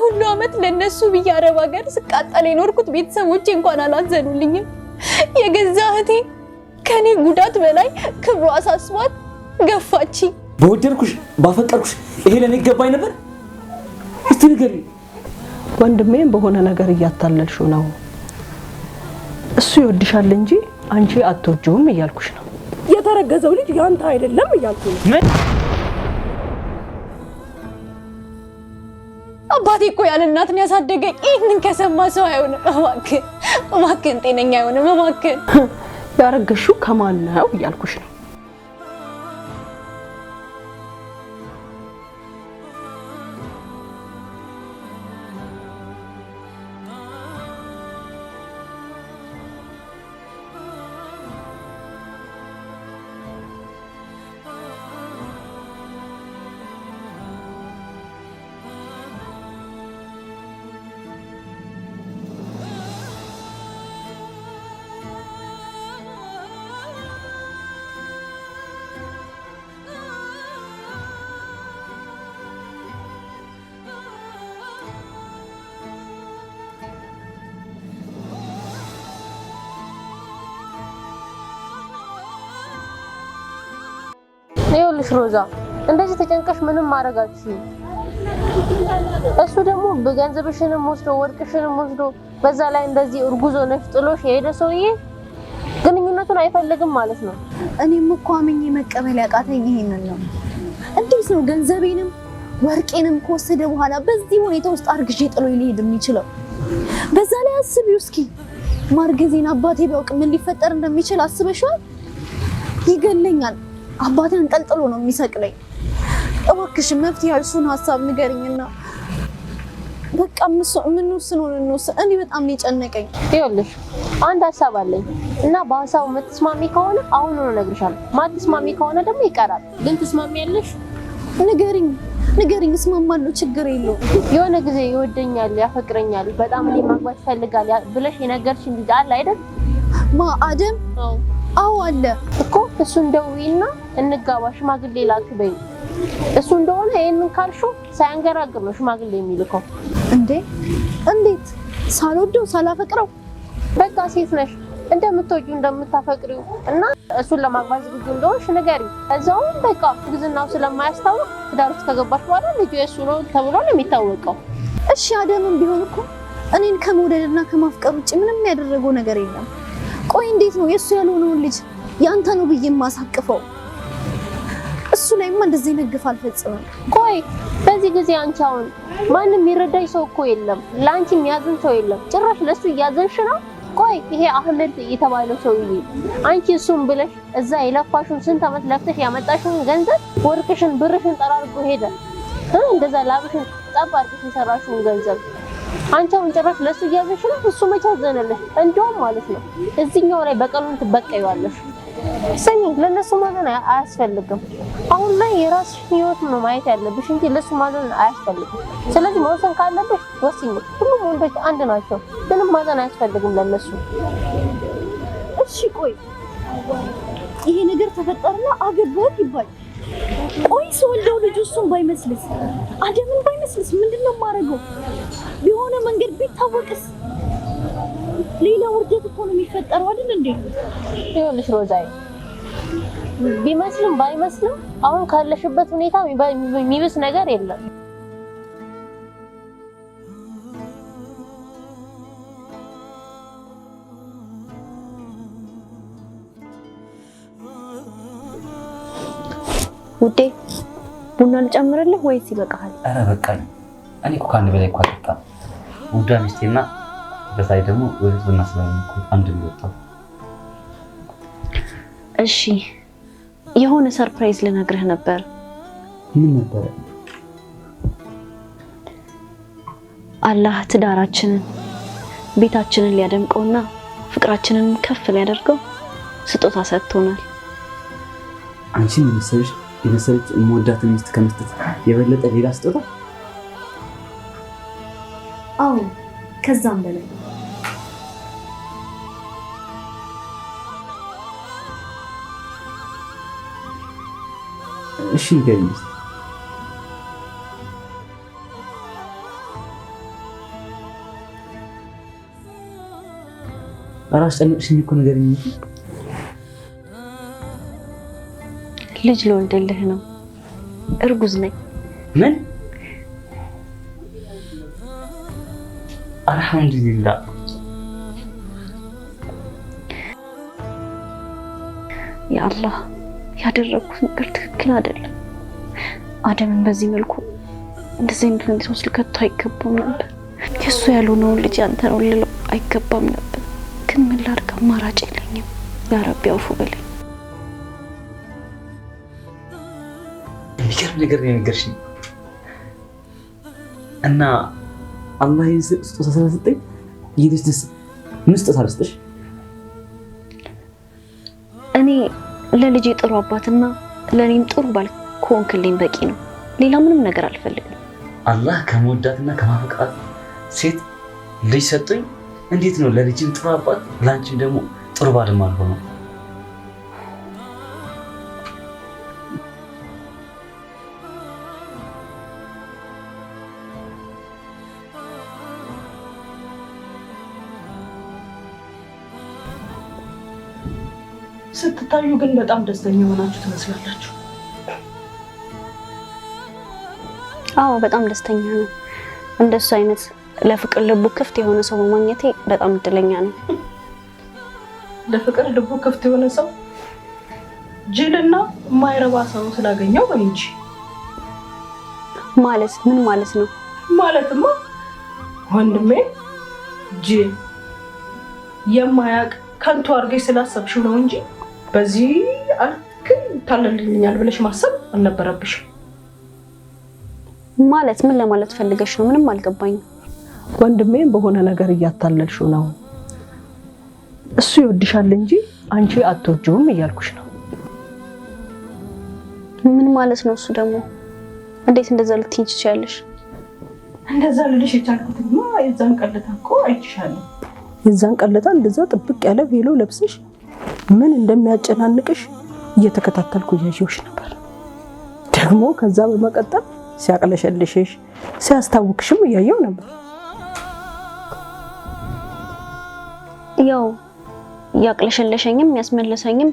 ሁሉ ዓመት ለነሱ ብዬ አረብ ሀገር ስቃጠል የኖርኩት ቤተሰቦቼ እንኳን አላዘኑልኝም። የገዛ እህቴ ከኔ ጉዳት በላይ ክብሩ አሳስቧት ገፋች። በወደድኩሽ ባፈቀርኩሽ ይሄ ለኔ ይገባኝ ነበር። እስቲ ንገሪ ወንድሜም በሆነ ነገር እያታለልሽው ነው። እሱ ይወድሻል እንጂ አንቺ አትወጂውም እያልኩሽ ነው። የተረገዘው ልጅ ያንተ አይደለም እያልኩ ነው። አባቴ እኮ ያለ እናት ነው ያሳደገኝ። ይህንን ከሰማ ሰው አይሆንም። እባክህ እባክህን፣ ጤነኛ አይሆንም። እባክህን ያረገሽው ከማን ነው እያልኩሽ ነው ይኸውልሽ ሮዛ፣ እንደዚህ ተጨንቀሽ ምንም ማድረጋችሁ። እሱ ደግሞ በገንዘብሽንም ወስዶ ወርቅሽንም ወስዶ በዛ ላይ እንደዚህ እርጉዞ ነሽ ጥሎሽ የሄደ ሰውዬ ግንኙነቱን አይፈልግም ማለት ነው። እኔም እኮ አምኜ መቀበል ያቃተኝ ይሄንን ነው። እንዴት ነው ገንዘቤንም ወርቄንም ከወሰደ በኋላ በዚህ ሁኔታ ውስጥ አርግዤ ጥሎ ሊሄድ የሚችለው? በዛ ላይ አስቢው እስኪ ማርገዜን አባቴ ቢያውቅ ምን ሊፈጠር እንደሚችል አስበሽዋል? ይገለኛል አባቴ አንጠልጥሎ ነው የሚሰቅለኝ። እባክሽ መፍትሄ ያልሱን ሀሳብ ንገርኝና በቃ የምንወስነውን እንወስን። እኔ በጣም ነው የጨነቀኝ። ይኸውልሽ አንድ ሀሳብ አለኝ እና በሀሳቡ መተስማሚ ከሆነ አሁን ነው እነግርሻለሁ። ማትስማሚ ከሆነ ደግሞ ይቀራል። ግን ትስማሚ ያለሽ ንገርኝ ንገርኝ። እስማማለሁ፣ ችግር የለውም። የሆነ ጊዜ ይወደኛል፣ ያፈቅረኛል፣ በጣም እኔ ማግባት ይፈልጋል ብለሽ የነገርሽ ልጅ አለ አይደል? ማ አደም አዎ አለ እኮ እሱ እንደውይና እንጋባ ሽማግሌ ላክ በይ። እሱ እንደሆነ ይሄንን ካልሹ ሳያንገራግር ነው ሽማግሌ የሚልከው። እንዴ እንዴት ሳልወደው ሳላፈቅረው በቃ ሴት ነሽ እንደምትወጁ እንደምታፈቅሪው እና እሱን ለማግባት ዝግጁ እንደሆንሽ ንገሪ። እዛውም በቃ ግዝናው ስለማያስታውቅ ትዳር ውስጥ ከገባሽ በኋላ ልጁ የእሱ ነው ተብሎ ነው የሚታወቀው። እሺ አደምም ቢሆን እኮ እኔን ከመውደድና ከማፍቀር ውጭ ምንም ያደረገው ነገር የለም። ቆይ እንዴት ነው የእሱ ያልሆነውን ልጅ የአንተ ነው ብዬ የማሳቅፈው? እሱ ላይማ እንደዚህ ነግፍ አልፈጽምም። ቆይ በዚህ ጊዜ አንቺ አሁን ማንም የሚረዳኝ ሰው እኮ የለም፣ ለአንቺ የሚያዝን ሰው የለም። ጭራሽ ለእሱ እያዘንሽ ነው። ቆይ ይሄ አህመድ የተባለው ሰውዬ አንቺ እሱን ብለሽ እዛ የለፋሽውን ስንት ዓመት ለፍተሽ ያመጣሽውን ገንዘብ ወርቅሽን፣ ብርሽን ጠራርጎ ሄደ። እንደዛ ላብሽን ጠብ አድርገሽ የሰራሽውን ገንዘብ አንቺ አሁን ጭራሽ ለሱ እያዘሽ ነው፣ እሱ መቼ አዘነልሽ? እንደውም ማለት ነው እዚህኛው ላይ በቀሉን ትበቀይዋለሽ። ሰኝ ለነሱ ማዘን አያስፈልግም። አሁን ላይ የራስሽን ህይወት ነው ማየት ያለብሽ እንጂ ለሱ ማዘን አያስፈልግም። ስለዚህ መወሰን ካለብሽ ወስኝ። ሁሉም ወንዶች አንድ ናቸው። ምንም ማዘን አያስፈልግም ለነሱ። እሺ ቆይ ይሄ ነገር ተፈጠረና አገባሁት ይባል ቆይ፣ ስወልደው ልጁ እሱን ባይመስልስ፣ አደምን ባይመስልስ ምንድነው ነው የማደርገው? በሆነ መንገድ ቢታወቅስ ሌላ ውርደት እኮ ነው የሚፈጠረው አይደል እንዴ? ይኸውልሽ ሮዛዬ ቢመስልም ባይመስልም አሁን ካለሽበት ሁኔታ የሚብስ ነገር የለም። ውዴ ቡና ልጨምርልህ ወይስ ይበቃሃል? አረ በቃኝ። እኔ እኮ ከአንድ በላይ እኮ አልጠጣም። ውዳ ሚስቴና በታይ ደግሞ ወደት ብናስለምኩ አንድ የሚወጣው እሺ፣ የሆነ ሰርፕራይዝ ልነግርህ ነበር። ምን ነበረ? አላህ ትዳራችንን ቤታችንን ሊያደምቀውና ፍቅራችንን ከፍ ሊያደርገው ስጦታ ሰጥቶናል። አንቺ ምን መሰለሽ የመሰለች የምወዳትን ሚስት ከመስጠት የበለጠ ሌላ ስጦታ አዎ ከዛም በላይ እሺ ገኝስ ራስ ጨነቅሽኝ እኮ ነገር ልጅ ልወልድልህ ነው እርጉዝ ነኝ ምን አልሐምዱሊላህ። ያአላህ ያደረግኩት ነገር ትክክል አይደለም። አደምን በዚህ መልኩ እንደዚህ አይነት ነገር ልከቶ አይገባም ነበር። የእሱ ያልሆነውን ልጅ አንተ ነው ልለው አይገባም ነበር። ግን ምን ላድርግ? አማራጭ የለኝም። ያረቢ አውፉ በለኝ። የሚገርም ነገር የነገርሽኝ እና አላህ ስጦታ ስለሰጠኝ ደስ ምን ስጦታ ልስጥሽ? እኔ ለልጄ ጥሩ አባትና ለእኔም ጥሩ ባል ከሆንክልኝ በቂ ነው። ሌላ ምንም ነገር አልፈልግም። አላህ ከመወዳትና ከማፈቃት ሴት ልጅ ሰጡኝ። እንዴት ነው ለልጅም ጥሩ አባት ለአንቺም ደግሞ ጥሩ ባልም አልሆነው? ስትታዩ ግን በጣም ደስተኛ የሆናችሁ ትመስላላችሁ። አዎ በጣም ደስተኛ ነው። እንደሱ አይነት ለፍቅር ልቡ ክፍት የሆነ ሰው በማግኘቴ በጣም እድለኛ ነው። ለፍቅር ልቡ ክፍት የሆነ ሰው ጅልና የማይረባ ሰው ስላገኘው ወይ እንጂ ማለት ምን ማለት ነው? ማለትማ ወንድሜ ጅል የማያውቅ ከንቱ አድርጌ ስላሰብሽው ነው እንጂ በዚህ ግን ታለልኛል ብለሽ ማሰብ አልነበረብሽም። ማለት ምን ለማለት ፈልገሽ ነው? ምንም አልገባኝ? ወንድሜም በሆነ ነገር እያታለልሽው ነው። እሱ ይወድሻል እንጂ አንቺ አትወጂውም እያልኩሽ ነው። ምን ማለት ነው? እሱ ደግሞ እንዴት እንደዛ ልትይኝ ትችያለሽ? እንደዛ ልልሽ የቻልኩትማ የዛን ቀልታ እኮ አይችሻለሁ። የዛን ቀልታ እንደዛ ጥብቅ ያለ ቬሎ ለብሰሽ ምን እንደሚያጨናንቅሽ እየተከታተልኩ እያየሁሽ ነበር። ደግሞ ከዛ በመቀጠል ሲያቅለሸልሽሽ ሲያስታውክሽም እያየው ነበር። ያው ያቅለሸለሸኝም ያስመለሰኝም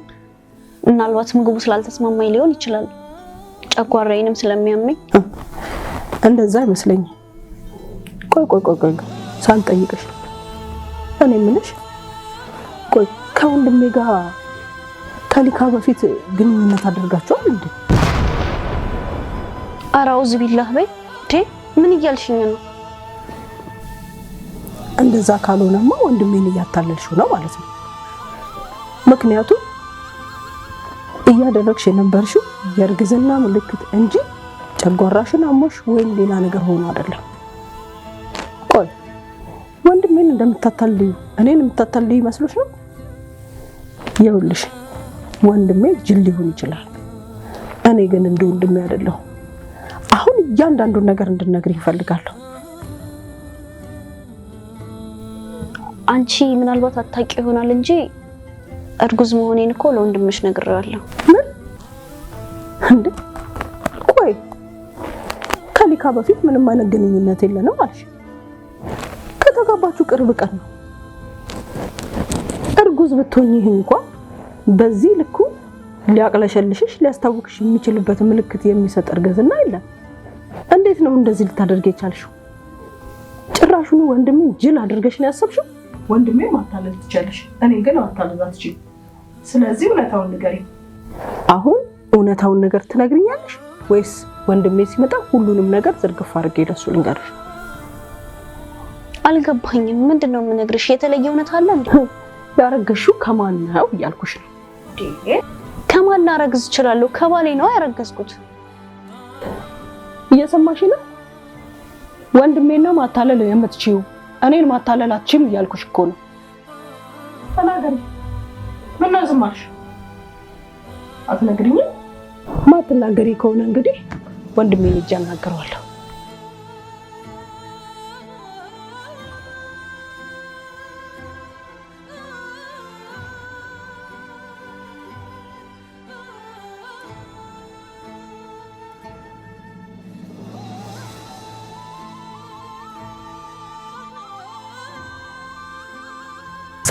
ምናልባት ምግቡ ስላልተስማማኝ ሊሆን ይችላል። ጨጓራዬንም ስለሚያመኝ እንደዛ አይመስለኝም። ቆይ ቆይ ቆይ ቆይ ሳልጠይቅሽ እኔ የምልሽ ቆይ ከወንድሜ ጋር ከሊካ በፊት ግንኙነት አድርጋችኋል እንዴ? አራውዝ ቢላህ በይ እንዴ! ምን እያልሽኝ ነው? እንደዛ ካልሆነማ ወንድሜን እያታለልሽው ነው ማለት ነው። ምክንያቱም እያደረግሽ የነበርሽው የእርግዝና ምልክት እንጂ ጨጓራሽን አሞሽ ወይም ሌላ ነገር ሆኖ አይደለም። ቆይ ወንድሜን እንደምታታልዩ እኔን የምታታልዩ ይመስሎች ነው? ይኸውልሽ ወንድሜ ጅል ሊሆን ይችላል። እኔ ግን እንደ ወንድሜ አይደለሁም። አሁን እያንዳንዱን ነገር እንድነግር ይፈልጋለሁ። አንቺ ምናልባት አጣቂ ይሆናል እንጂ እርጉዝ መሆኔን እኮ ለወንድምሽ ነግሬዋለሁ። ምን እንዴ? ቆይ ከሊካ በፊት ምንም አይነት ግንኙነት የለንም አልሽ? ከተጋባችሁ ቅርብ ቀን ነው። እርጉዝ ብትሆኝ ይህ እንኳን በዚህ ልኩ ሊያቅለሸልሽሽ ሊያስታውቅሽ የሚችልበት ምልክት የሚሰጥ እርግዝና የለም። እንዴት ነው እንደዚህ ልታደርግ የቻልሽው? ጭራሹን ወንድሜ ጅል አድርገሽ ነው ያሰብሽው? ወንድሜ ማታለል ትችያለሽ፣ እኔ ግን ማታለል አትችይም። ስለዚህ እውነታውን ንገሪ። አሁን እውነታውን ነገር ትነግርኛለሽ ወይስ ወንድሜ ሲመጣ ሁሉንም ነገር ዝርግፍ አድርጌ ለሱ ልንገርሽ? አልገባኝም። ምንድን ነው የምነግርሽ? የተለየ እውነት አለ እንዴ? ያረገሽው ከማን ነው እያልኩሽ ነው ከማን ላረግዝ እችላለሁ? ከባሌ ነው ያረገዝኩት። እየሰማሽ ነው? ወንድሜ ነው ማታለል የምትችይው፣ እኔን ማታለል አትችይም እያልኩሽ እኮ ነው። ተናገሪ። ምነው ዝም አልሽ? አትነግሪኝም? ማትናገሪ ከሆነ እንግዲህ ወንድሜን ሂጅ አናግረዋለሁ።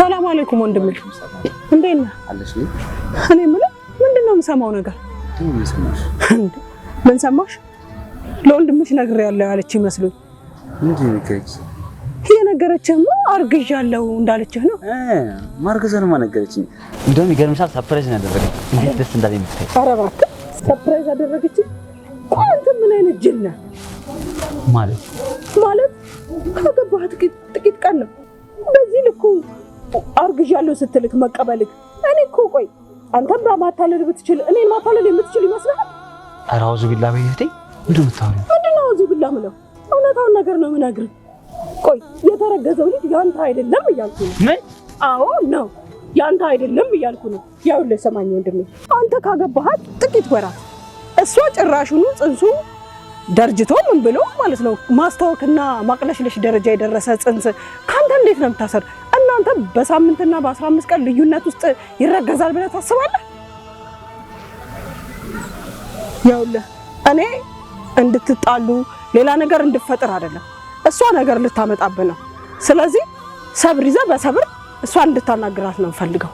ሰላም አለይኩም ወንድሜ፣ እንዴት ነህ? እኔ የምልህ ምንድን ነው የምሰማው ነገር? ምን ሰማሽ? ለወንድምሽ ነግሬያለሁ ያለች ይመስሉኝ። የነገረችህማ አርግዣለሁ እንዳለችህ ነው። ማርገዟንማ ነገረችኝ። እንደውም ይገርምሻል፣ ሰርፕራይዝ ነው ያደረገኝ። እንዴት ደስ እንዳለኝ ብታይ። ኧረ እባክህ ሰርፕራይዝ አደረገችኝ። ቆይ አንተ ምን አይነት ጅል ነህ? ማለት ማለት ከገባህ ጥቂት አርግዣለሁ ስትልክ መቀበልክ። እኔ እኮ ቆይ አንተም ማታለል ብትችል እኔን ማታለል የምትችል ይመስልሃል? ኧረ አውዙ ቢላ በይቴ ምንድን የምታወሪው? ምንድን ነው አውዙ ቢላ ምለው? እውነታውን ነገር ነው የምነግርህ። ቆይ የተረገዘው ልጅ ያንተ አይደለም እያልኩ ነው። ምን? አዎ ነው ያንተ አይደለም እያልኩ ነው። ያውልህ ሰማኝ ወንድሜ፣ አንተ ካገባሃት ጥቂት ወራት እሷ ጭራሹኑ ጽንሱ ደርጅቶ ምን ብሎ ማለት ነው ማስታወክና ማቅለሽለሽ ደረጃ የደረሰ ጽንስ ከአንተ እንዴት ነው የምታሰር አንተ በሳምንትና በ15 ቀን ልዩነት ውስጥ ይረገዛል ብለህ ታስባለህ? ያውልህ እኔ እንድትጣሉ ሌላ ነገር እንድፈጥር አይደለም፣ እሷ ነገር ልታመጣብህ ነው። ስለዚህ ሰብር ይዘህ በሰብር እሷ እንድታናግራት ነው ፈልገው።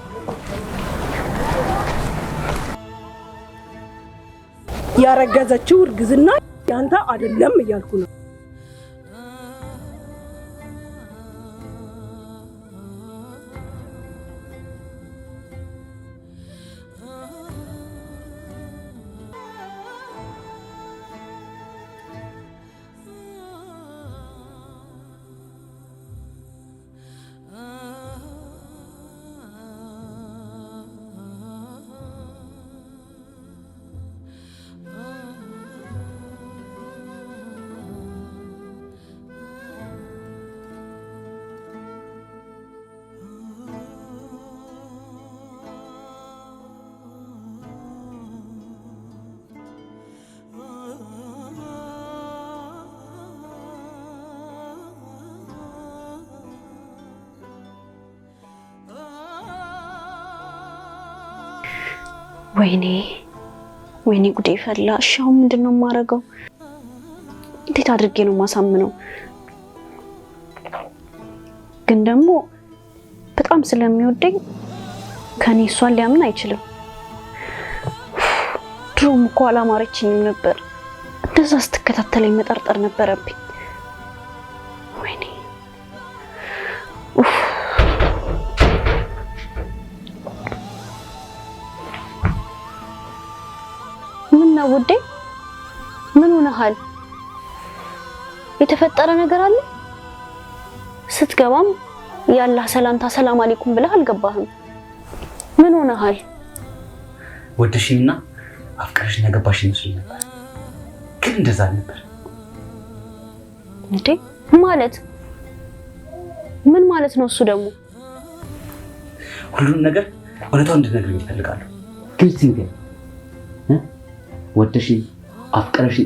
ያረገዘችው እርግዝና ያንተ አይደለም እያልኩ ነው። ወይኔ ወይኔ ጉዴ ፈላ። እሺ አሁን ምንድን ነው የማደርገው? እንዴት አድርጌ ነው የማሳምነው? ግን ደግሞ በጣም ስለሚወደኝ ከኔ እሷን ሊያምን አይችልም። ድሮም እኮ አላማረችኝም ነበር። እንደዛ ስትከታተለኝ መጠርጠር ነበረብኝ። ነው ውዴ? ምን ሆነሃል? የተፈጠረ ነገር አለ? ስትገባም የአላህ ሰላምታ ሰላም አለይኩም ብለህ አልገባህም። ምን ሆነሃል? ወደሽኝና አፍቅረሽኝ ነገባሽ ይመስለኝ ነበር፣ ግን እንደዛ ነበር እንዴ? ማለት ምን ማለት ነው? እሱ ደግሞ ሁሉንም ነገር እውነታውን እንድነግርኝ እፈልጋለሁ። ግልጽ ወደሽ አፍቀረሽ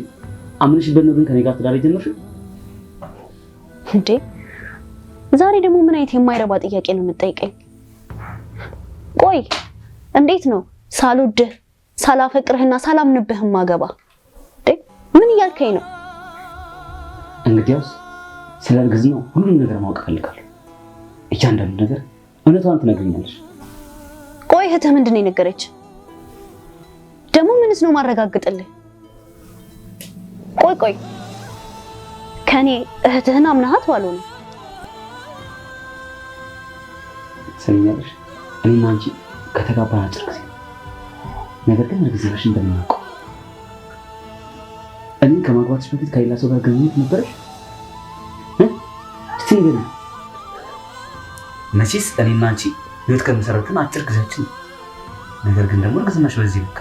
አምንሽ በነብን ከኔ ጋር ትዳር ጀምርሽ እንዴ? ዛሬ ደግሞ ምን አይነት የማይረባ ጥያቄ ነው የምጠይቀኝ? ቆይ እንዴት ነው ሳልወድህ ሳላፈቅርህና ሳላምንብህ ማገባ? ምን እያልከኝ ነው? እንግዲያውስ ስለ እርግዝናው ሁሉም ነገር ማወቅ እፈልጋለሁ። እያንዳንዱ ነገር እውነቷን ትነግሪኛለሽ። ቆይ እህትህ ምንድን ነው የነገረች? ደግሞ ምንስ ነው ማረጋግጥልህ? ቆይ ቆይ ከኔ እህትህን አምናሃት ባለው ነው ሰሚኛለሽ። እኔና አንቺ ከተጋባን አጭር ጊዜ ነገር ግን እርግዝናሽ እንደምናውቀው እኔ ከማግባትሽ በፊት ከሌላ ሰው ጋር ግንኙነት ነበረሽ? እስቲ ንገሪኝ። መቼስ እኔና አንቺ ህይወት ከመሰረቱን አጭር ጊዜያችን ነው። ነገር ግን ደግሞ እርግዝናሽ በዚህ ልክ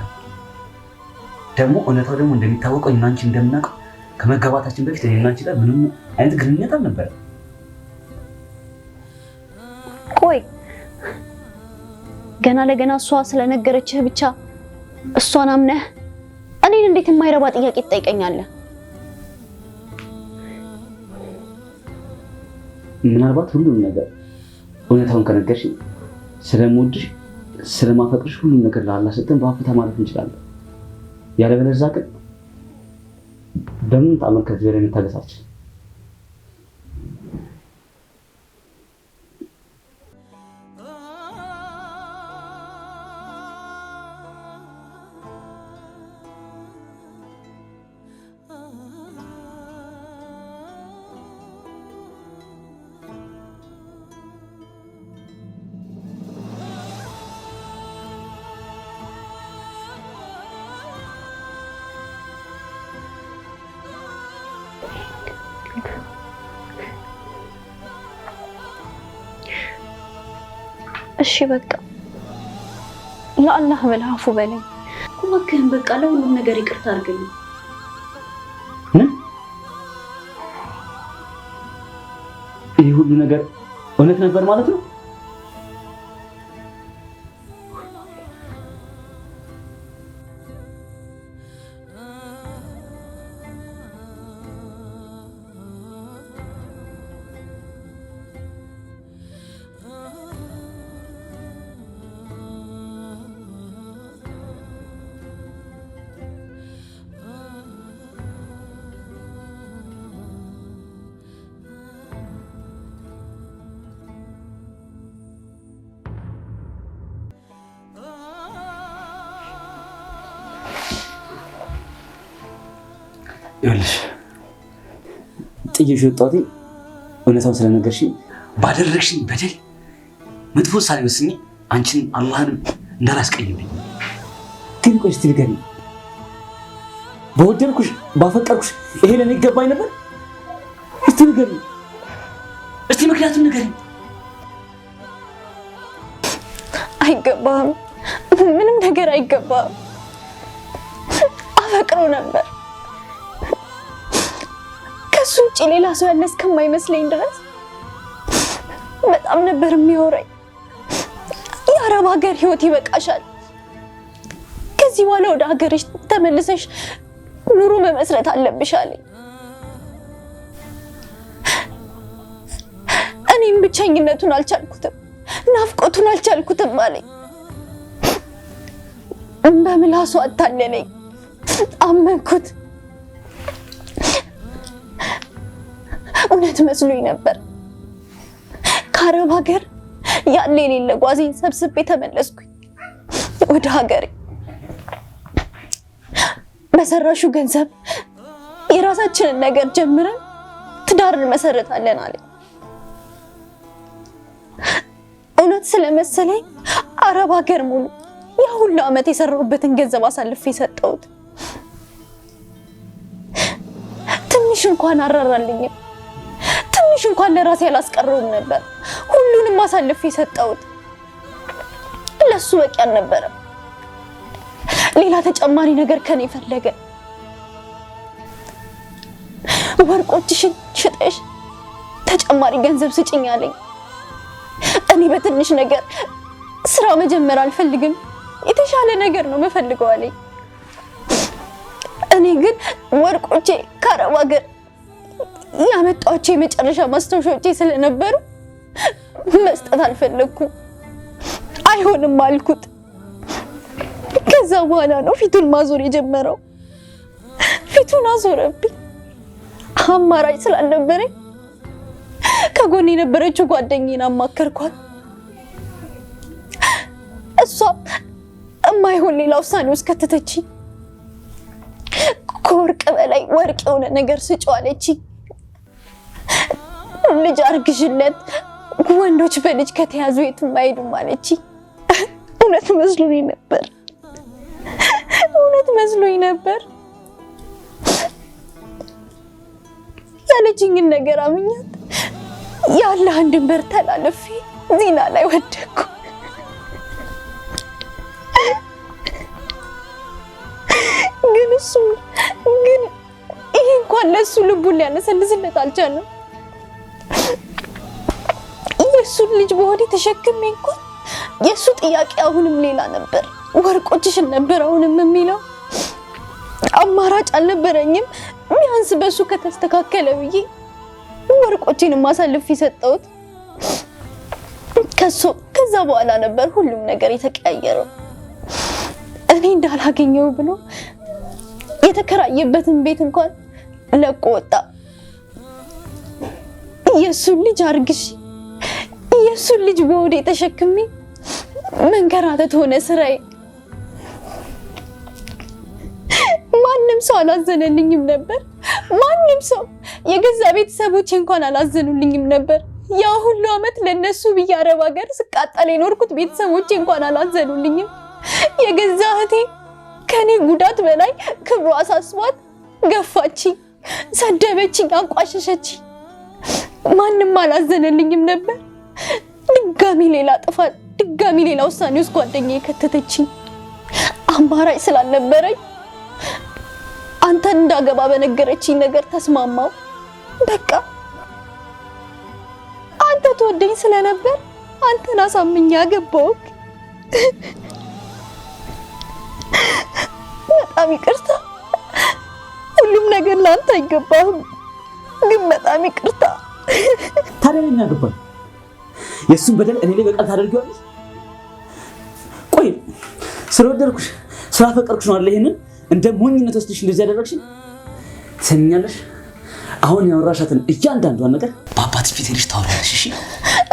ደግሞ እውነታው ደግሞ እንደሚታወቀው እኔና አንቺ እንደምናውቀው ከመጋባታችን በፊት እኔና አንቺ ጋር ምንም አይነት ግንኙነት አልነበረ። ቆይ ገና ለገና እሷ ስለነገረችህ ብቻ እሷን አምነህ እኔን እንዴት የማይረባ ጥያቄ ትጠይቀኛለህ? ምናልባት ሁሉም ነገር እውነታውን ከነገርሽ ስለምወድሽ ስለማፈቅርሽ ሁሉም ነገር ላላሰጠን ስጠን በአፍታ ማለፍ እንችላለን። ያለበለዚያ ግን በምን ጣመን ከዚህ የምታገሳችን እሺ በቃ ለአላህ ብለህ አፉ በለኝ። እባክህን በቃ ለሁሉም ነገር ይቅርታ አድርግልኝ። ይህ ሁሉ ነገር እውነት ነበር ማለት ነው? ይኸውልሽ ጥዬሽ ወጣሁት። እውነታውን ስለነገርሽ ባደረግሽኝ በደል መጥፎ ሳልመስኝ አንቺን አላህንም ግን ቆይ ንገሪኝ፣ በወደድኩሽ ባፈቀርኩሽ ይሄ ለእኔ ይገባኝ ነበር? እስቲ ንገሪኝ፣ እስቲ ምክንያቱም ንገሪኝ። አይገባም፣ ምንም ነገር አይገባም። አፈቅሮ ነበር ውጭ ሌላ ሰው ያለ እስከማይመስለኝ ድረስ በጣም ነበር የሚያወራኝ። የአረብ ሀገር ህይወት ይበቃሻል፣ ከዚህ በኋላ ወደ ሀገርሽ ተመልሰሽ ኑሮ መመስረት አለብሽ እኔም ብቸኝነቱን አልቻልኩትም፣ ናፍቆቱን አልቻልኩትም አለኝ። በምላሱ አታለለኝ፣ አመንኩት። እውነት መስሎኝ ነበር። ከአረብ ሀገር ያለ የሌለ ጓዜን ሰብስቤ ተመለስኩኝ ወደ ሀገሬ። በሰራሹ ገንዘብ የራሳችንን ነገር ጀምረን ትዳር እንመሰርታለን አለ። እውነት ስለመሰለኝ አረብ ሀገር ሙሉ ያ ሁሉ ዓመት የሰራሁበትን ገንዘብ አሳልፌ የሰጠሁት ትንሽ እንኳን አራራልኝም። ትንሽ እንኳን ለራሴ አላስቀረውም ነበር። ሁሉንም አሳልፌ የሰጠሁት ለሱ በቂ አልነበረም። ሌላ ተጨማሪ ነገር ከኔ ፈለገ። ወርቆችሽን ሽጠሽ ተጨማሪ ገንዘብ ስጭኝ አለኝ። እኔ በትንሽ ነገር ስራ መጀመር አልፈልግም፣ የተሻለ ነገር ነው መፈልገው አለኝ። እኔ ግን ወርቆቼ ከአረብ ሀገር ያመጣኋቸው የመጨረሻ ማስታወሻዎቼ ስለነበሩ መስጠት አልፈለግኩም። አይሆንም አልኩት። ከዛ በኋላ ነው ፊቱን ማዞር የጀመረው። ፊቱን አዞረብኝ። አማራጭ ስላልነበረኝ ከጎን የነበረችው ጓደኛዬን አማከርኳት። እሷ እማይሆን ሌላ ውሳኔ ውስጥ ከተተችኝ። ከወርቅ በላይ ወርቅ የሆነ ነገር ስጪው አለችኝ። ልጅ አርግዥለት ወንዶች በልጅ ከተያዙ የትም አይሄዱም አለች። እውነት መስሎኝ ነበር፣ እውነት መስሎኝ ነበር። ያለችኝን ነገር አምኛት የአላህን ድንበር ተላለፌ ዜና ላይ ወደኩ። ግን እሱ ግን ይሄ እንኳን ለእሱ ልቡን ሊያነሰልስለት አልቻለም። የእሱን ልጅ በሆዴ ተሸክሜ እንኳን የእሱ ጥያቄ አሁንም ሌላ ነበር። ወርቆችሽን ነበር አሁንም የሚለው አማራጭ አልነበረኝም። ቢያንስ በእሱ ከተስተካከለ ብዬ ወርቆችን ማሳልፍ የሰጠሁት ከሱ። ከዛ በኋላ ነበር ሁሉም ነገር የተቀያየረው። እኔ እንዳላገኘው ብሎ የተከራየበትን ቤት እንኳን ለቆ ወጣ። የእሱን ልጅ አርግሽ እሱን ልጅ በወዴ ተሸክሜ መንከራተት ሆነ ስራዬ። ማንም ሰው አላዘነልኝም ነበር። ማንም ሰው የገዛ ቤተሰቦች እንኳን አላዘኑልኝም ነበር። ያ ሁሉ አመት ለነሱ ብዬ አረብ ሀገር ስቃጠል የኖርኩት ቤተሰቦቼ እንኳን አላዘኑልኝም። የገዛ እህቴ ከኔ ጉዳት በላይ ክብሩ አሳስቧት ገፋችኝ፣ ሰደበችኝ፣ አንቋሸሸችኝ። ማንም አላዘነልኝም ነበር። ድጋሚ ሌላ ጥፋት፣ ድጋሚ ሌላ ውሳኔ ውስጥ ጓደኛ ከተተችኝ። አማራጭ ስላልነበረኝ አንተን እንዳገባ በነገረችኝ ነገር ተስማማው። በቃ አንተ ትወደኝ ስለነበር አንተን አሳምኛ አገባሁህ። በጣም ይቅርታ። ሁሉም ነገር ለአንተ አይገባህም፣ ግን በጣም ይቅርታ። ታዲያ ምን ያገባል? የእሱን በደል እኔ ላይ በቀል ታደርጊዋለሽ? ቆይ ስለወደድኩሽ ስላፈቀርኩሽ ነው አለ ይሄንን እንደ ሞኝነት ወስድሽ እንደዚህ ያደረግሽኝ። ትሰሚኛለሽ? አሁን ያወራሻትን እያንዳንዷን ነገር በአባትሽ ፊት ሄደሽ ታወራለሽ። እሺ?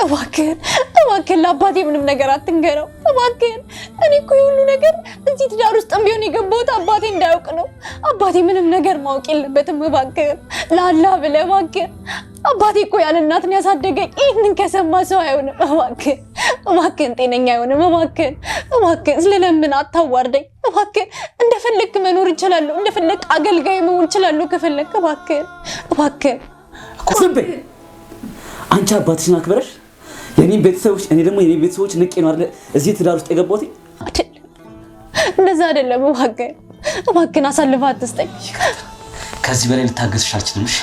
እባክህን እባክህን ለአባቴ ምንም ነገር አትንገረው እባክህን እኔ እኮ የሁሉ ነገር እዚህ ትዳር ውስጥም ቢሆን የገባሁት አባቴ እንዳያውቅ ነው። አባቴ ምንም ነገር ማወቅ የለበትም። እባክህ ላላ ብለህ እባክህ። አባቴ እኮ ያለ እናትን ያሳደገኝ ይህንን ከሰማ ሰው አይሆንም። እባክህ እባክህን፣ ጤነኛ አይሆንም። እባክህን እባክህን፣ ስለለምን አታዋርደኝ። እባክህን እንደፈለግህ መኖር እችላለሁ፣ እንደፈለግህ አገልጋይ መሆን እችላለሁ ከፈለግህ። እባክህን እባክህን እኮ ዝም በይ አንቺ አባትሽን አክብረሽ የኔ ቤተሰቦች እኔ ደግሞ የኔ ቤተሰቦች ንቄ ነው አይደለ እዚህ ትዳር ውስጥ የገባሁት። አይደለም፣ እንደዛ አይደለም። እባክህን፣ እባክህን አሳልፈህ አትስጠኝ። ከዚህ በላይ ልታገስሽ አልችልም።